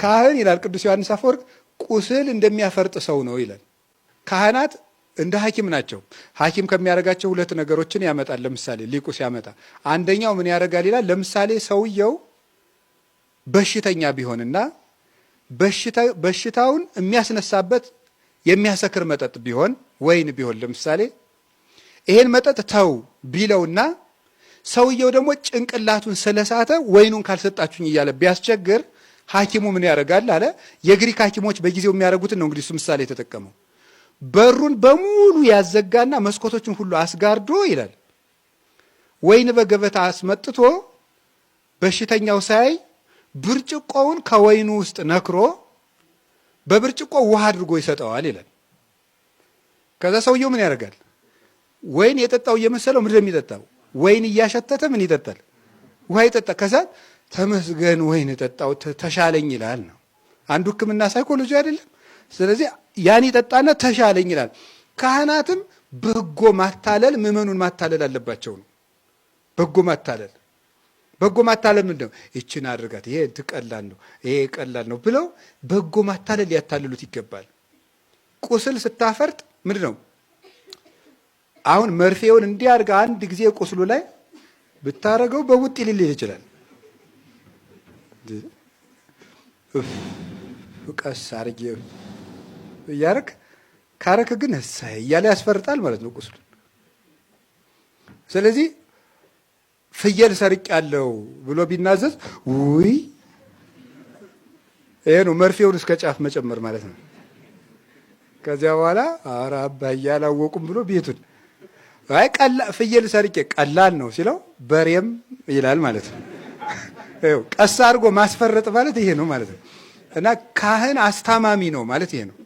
ካህን ይላል ቅዱስ ዮሐንስ አፈወርቅ ቁስል እንደሚያፈርጥ ሰው ነው ይላል። ካህናት እንደ ሐኪም ናቸው። ሐኪም ከሚያደርጋቸው ሁለት ነገሮችን ያመጣል። ለምሳሌ ሊቁ ሲያመጣ አንደኛው ምን ያደርጋል ይላል። ለምሳሌ ሰውየው በሽተኛ ቢሆንና በሽታውን የሚያስነሳበት የሚያሰክር መጠጥ ቢሆን ወይን ቢሆን ለምሳሌ ይሄን መጠጥ ተው ቢለውና ሰውየው ደግሞ ጭንቅላቱን ስለሳተ ወይኑን ካልሰጣችሁኝ እያለ ቢያስቸግር ሐኪሙ ምን ያደርጋል አለ። የግሪክ ሐኪሞች በጊዜው የሚያደርጉትን ነው እንግዲህ እሱ ምሳሌ የተጠቀመው። በሩን በሙሉ ያዘጋና መስኮቶችን ሁሉ አስጋርዶ ይላል። ወይን በገበታ አስመጥቶ በሽተኛው ሳይ ብርጭቆውን ከወይኑ ውስጥ ነክሮ በብርጭቆ ውሃ አድርጎ ይሰጠዋል ይላል። ከዛ ሰውየው ምን ያደርጋል? ወይን የጠጣው እየመሰለው ምድር የሚጠጣው ወይን እያሸተተ ምን ይጠጣል? ውሃ ይጠጣ። ከዛ ተመስገን ወይን ጠጣው ተሻለኝ ይላል ነው አንዱ ህክምና ሳይኮሎጂ አይደለም። ስለዚህ ያን ይጠጣና ተሻለኝ ይላል። ካህናትም በጎ ማታለል ምመኑን ማታለል አለባቸው ነው። በጎ ማታለል በጎ ማታለል ምንድ ነው? ይችን አድርጋት፣ ይሄ ቀላል ነው፣ ይሄ ቀላል ነው ብለው በጎ ማታለል ያታልሉት ይገባል። ቁስል ስታፈርጥ ምንድ ነው አሁን መርፌውን እንዲህ አንድ ጊዜ ቁስሉ ላይ ብታረገው በውጥ ሊል ይችላል። ቀስ አርጌ እያረክ ካረክ ግን እሳይ እያለ ያስፈርጣል ማለት ነው ቁስሉ ስለዚህ ፍየል ሰርቅ ያለው ብሎ ቢናዘዝ ውይ ይሄ ነው መርፌውን እስከ ጫፍ መጨመር ማለት ነው። ከዚያ በኋላ አረ አባዬ አላወቁም ብሎ ቤቱን አይ ቀላ ፍየል ሰርቄ ቀላል ነው ሲለው በሬም ይላል ማለት ነው። ቀስ አድርጎ ማስፈረጥ ማለት ይሄ ነው ማለት ነው። እና ካህን አስታማሚ ነው ማለት ይሄ ነው።